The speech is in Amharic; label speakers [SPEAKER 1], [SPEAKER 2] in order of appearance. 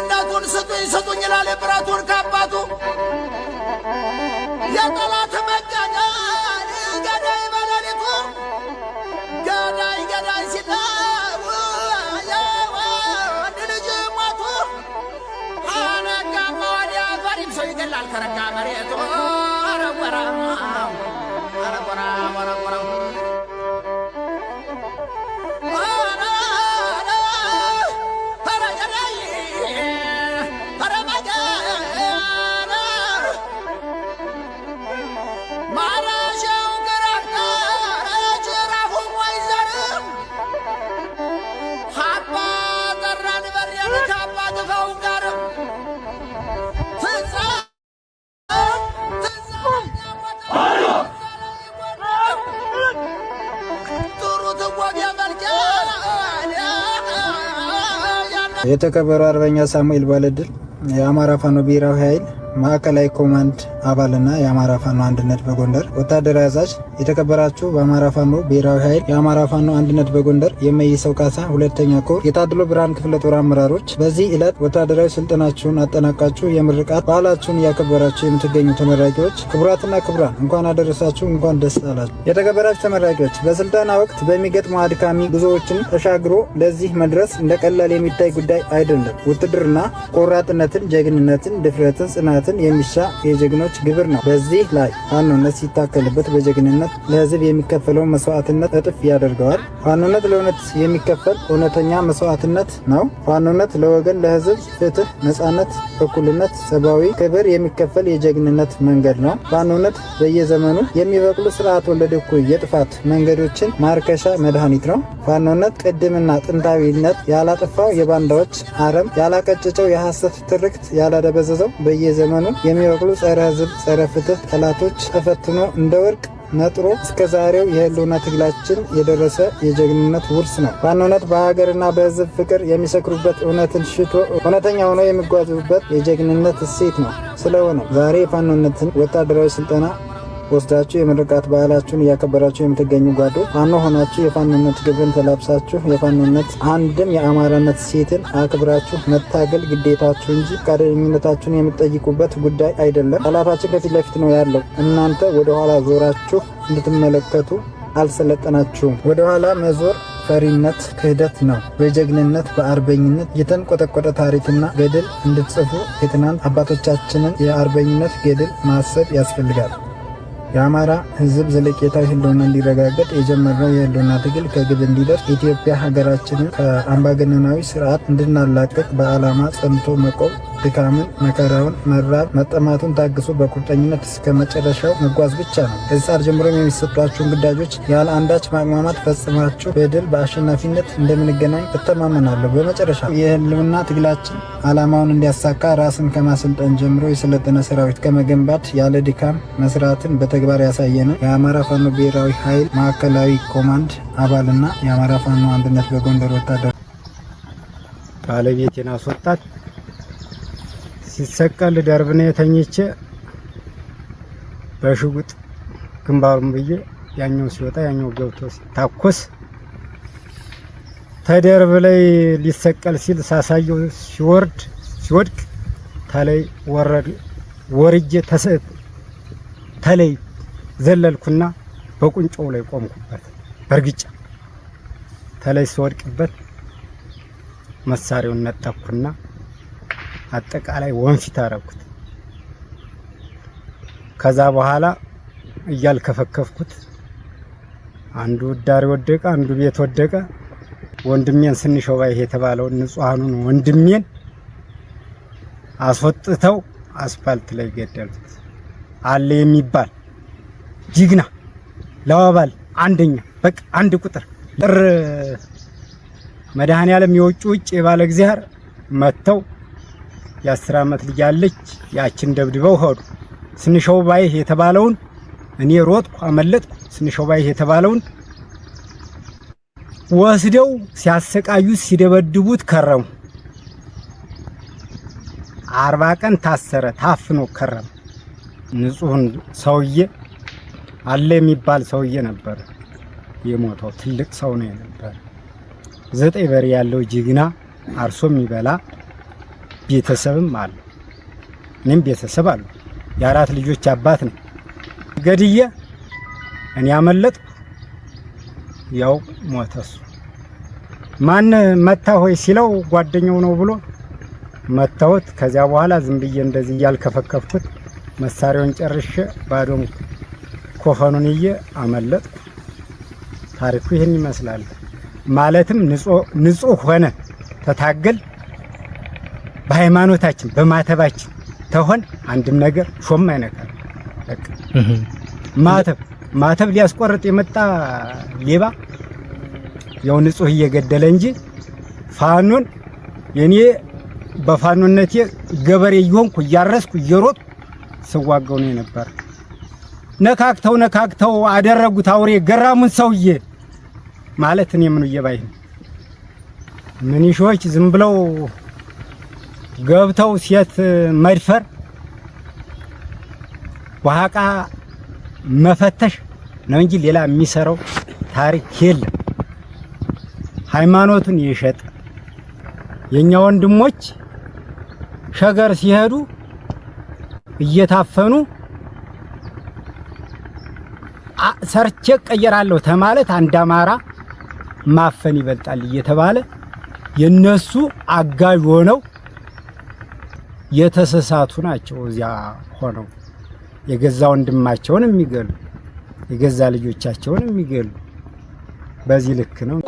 [SPEAKER 1] የእናቱን ስጡኝ ስጡኝ ይላል የብራቱን ካባቱ የጠላት መጋዳይ ገዳይ በሌሊቱ ገዳይ ገዳይ ሲጠሩ አንድ ልጅ ሞቱ አነጋ ወዲያ ፈሪም ሰው ይገላል ከረጋ መሬቱ አረቆራ አረቆራ የተከበረው አርበኛ ሳሙኤል ባለድል የአማራ ፋኖ ብሔራዊ ኃይል ማዕከላዊ ኮማንድ አባልና የአማራ ፋኖ አንድነት በጎንደር ወታደራዊ አዛዥ የተከበራችሁ በአማራ ፋኖ ብሔራዊ ኃይል የአማራ ፋኖ አንድነት በጎንደር የመይሰው ካሳ ሁለተኛ ኮር የታድሎ ብርሃን ክፍለ ጦር አመራሮች በዚህ ዕለት ወታደራዊ ስልጠናችሁን አጠናቃችሁ የምርቃት በዓላችሁን እያከበራችሁ የምትገኙ ተመራቂዎች ክቡራትና ክቡራን እንኳን አደረሳችሁ፣ እንኳን ደስ አላችሁ። የተከበራችሁ ተመራቂዎች በስልጠና ወቅት በሚገጥሙ አድካሚ ጉዞዎችን ተሻግሮ ለዚህ መድረስ እንደ ቀላል የሚታይ ጉዳይ አይደለም። ውትድርና ቆራጥነትን፣ ጀግንነትን፣ ድፍረትን፣ ጽናትን የሚሻ የጀግኖች ሰዎች ግብር ነው። በዚህ ላይ ፋኖነት ሲታከልበት በጀግንነት ለህዝብ የሚከፈለው መስዋዕትነት እጥፍ ያደርገዋል። ፋኖነት ለእውነት የሚከፈል እውነተኛ መስዋዕትነት ነው። ፋኖነት ለወገን ለህዝብ ፍትህ፣ ነጻነት፣ እኩልነት፣ ሰብአዊ ክብር የሚከፈል የጀግንነት መንገድ ነው። ፋኖነት በየዘመኑ የሚበቅሉ ስርዓት ወለድ እኩይ የጥፋት መንገዶችን ማርከሻ መድኃኒት ነው። ፋኖነት ቅድምና ጥንታዊነት ያላጠፋው የባንዳዎች አረም ያላቀጨጨው የሐሰት ትርክት ያላደበዘዘው በየዘመኑ የሚበቅሉ ጸረ የህዝብ ጸረ ፍትህ ጠላቶች ተፈትኖ እንደ ወርቅ ነጥሮ እስከ ዛሬው የህልውና ትግላችን የደረሰ የጀግንነት ውርስ ነው። በዋናነት በሀገርና በህዝብ ፍቅር የሚሰክሩበት እውነትን ሽቶ እውነተኛ ሆኖ የሚጓዙበት የጀግንነት እሴት ነው። ስለሆነ ዛሬ የፋኖነትን ወታደራዊ ስልጠና ወስዳችሁ የምርቃት በዓላችሁን እያከበራችሁ የምትገኙ ጓዶ ፋኖ ሆናችሁ የፋንነት ግብን ተላብሳችሁ የፋንነት አንድም የአማራነት ሴትን አክብራችሁ መታገል ግዴታችሁ እንጂ ፈቃደኝነታችሁን የምትጠይቁበት ጉዳይ አይደለም። ጠላታችን ከፊት ለፊት ነው ያለው። እናንተ ወደኋላ ዞራችሁ እንድትመለከቱ አልሰለጠናችሁም። ወደኋላ መዞር ፈሪነት ክህደት ነው። በጀግንነት በአርበኝነት የተንቆጠቆጠ ታሪክና ገድል እንድትጽፉ የትናንት አባቶቻችንን የአርበኝነት ገድል ማሰብ ያስፈልጋል። የአማራ ህዝብ ዘለቄታ ህልውና እንዲረጋገጥ የጀመረው የህልውና ትግል ከግብ እንዲደርስ ኢትዮጵያ ሀገራችንን ከአምባገነናዊ ስርዓት እንድናላቀቅ በዓላማ ጸንቶ መቆም ድካምን፣ መከራውን፣ መራብ፣ መጠማቱን ታግሶ በቁርጠኝነት እስከ መጨረሻው መጓዝ ብቻ ነው። ከጻር ጀምሮም የሚሰጧቸውን ግዳጆች ያለ አንዳች ማቅማማት ፈጽማችሁ በድል በአሸናፊነት እንደምንገናኝ እተማመናለሁ። በመጨረሻ የህልውና ትግላችን አላማውን እንዲያሳካ ራስን ከማሰልጠን ጀምሮ የሰለጠነ ሰራዊት ከመገንባት ያለ ድካም መስራትን በተግባር ያሳየነ የአማራ ፋኖ ብሔራዊ ኃይል ማዕከላዊ ኮማንድ አባልና የአማራ ፋኖ አንድነት በጎንደር ወታደር
[SPEAKER 2] ባለቤቴን አስወጣት ሲሰቀል ደርብ ነው የተኝቼ በሽጉጥ ግንባሩን ብዬ ያኛው ሲወጣ ያኛው ገብቶ ሲታኮስ ተደርብ ላይ ሊሰቀል ሲል ሳሳየው ሲወርድ ሲወድቅ ተለይ ወረድ ወርጄ ተለይ ዘለልኩና በቁንጮው ላይ ቆምኩበት በእርግጫ ተለይ ሲወድቅበት መሳሪያውን ነጠኩና አጠቃላይ ወንፊት አረኩት። ከዛ በኋላ እያልከፈከፍኩት አንዱ ዳሪ ወደቀ፣ አንዱ ቤት ወደቀ። ወንድሜን ስንሽ ይሄ የተባለውን ንጹሃኑን ወንድሜን አስወጥተው አስፋልት ላይ ገደሉት። አለ የሚባል ጅግና ለዋባል አንደኛ በቃ አንድ ቁጥር ጥር መድኃኔዓለም የውጭ ውጭ የባለ እግዚአብሔር መጥተው የአስር አመት ልጅ አለች። ያችን ደብድበው ሄዱ። ስንሸው ባይህ የተባለውን እኔ ሮጥኩ፣ አመለጥኩ። ስንሸው ባይህ የተባለውን ወስደው ሲያሰቃዩት ሲደበድቡት ከረሙ። አርባ ቀን ታሰረ፣ ታፍኖ ከረም። ንጹህን ሰውዬ አለ የሚባል ሰውዬ ነበር የሞተው። ትልቅ ሰው ነው የነበረ። ዘጠኝ በሬ ያለው ጅግና አርሶ የሚበላ ቤተሰብም አለ። እኔም ቤተሰብ አለ። የአራት ልጆች አባት ነው። ገድየ እኔ አመለጥ ያው ሞተሱ ማን መታ ሆይ ሲለው ጓደኛው ነው ብሎ መታሁት ከዚያ በኋላ ዝም ብዬ እንደዚህ እያልከፈከፍኩት መሳሪያውን ጨርሼ ባዶም ኮፈኑን ይዤ አመለጥኩ። ታሪኩ ይህን ይመስላል። ማለትም ንጹህ ሆነ ተታገል በሃይማኖታችን በማተባችን ተሆን አንድም ነገር ሾም አይነካል። ማተብ ማተብ ሊያስቆርጥ የመጣ ሌባ ያው ንጹህ እየገደለ እንጂ ፋኖን የኔ በፋኖነቴ ገበሬ እየሆንኩ እያረስኩ እየሮጥኩ ስዋገው ነው የነበረ። ነካክተው ነካክተው አደረጉት አውሬ ገራሙን ሰውዬ ማለት እኔ ምኑ እየባይ ምን ይሾች ዝም ብለው ገብተው ሴት መድፈር፣ ዋቃ መፈተሽ ነው እንጂ ሌላ የሚሰራው ታሪክ የለም። ሃይማኖቱን ይሸጥ የኛ ወንድሞች ሸገር ሲሄዱ እየታፈኑ ሰርቼ ቀየራለሁ ተማለት አንድ አማራ ማፈን ይበልጣል እየተባለ የነሱ አጋዥ ሆነው የተሰሳቱ ናቸው። እዚያ ሆነው የገዛ ወንድማቸውን የሚገሉ የገዛ ልጆቻቸውን የሚገሉ በዚህ ልክ ነው።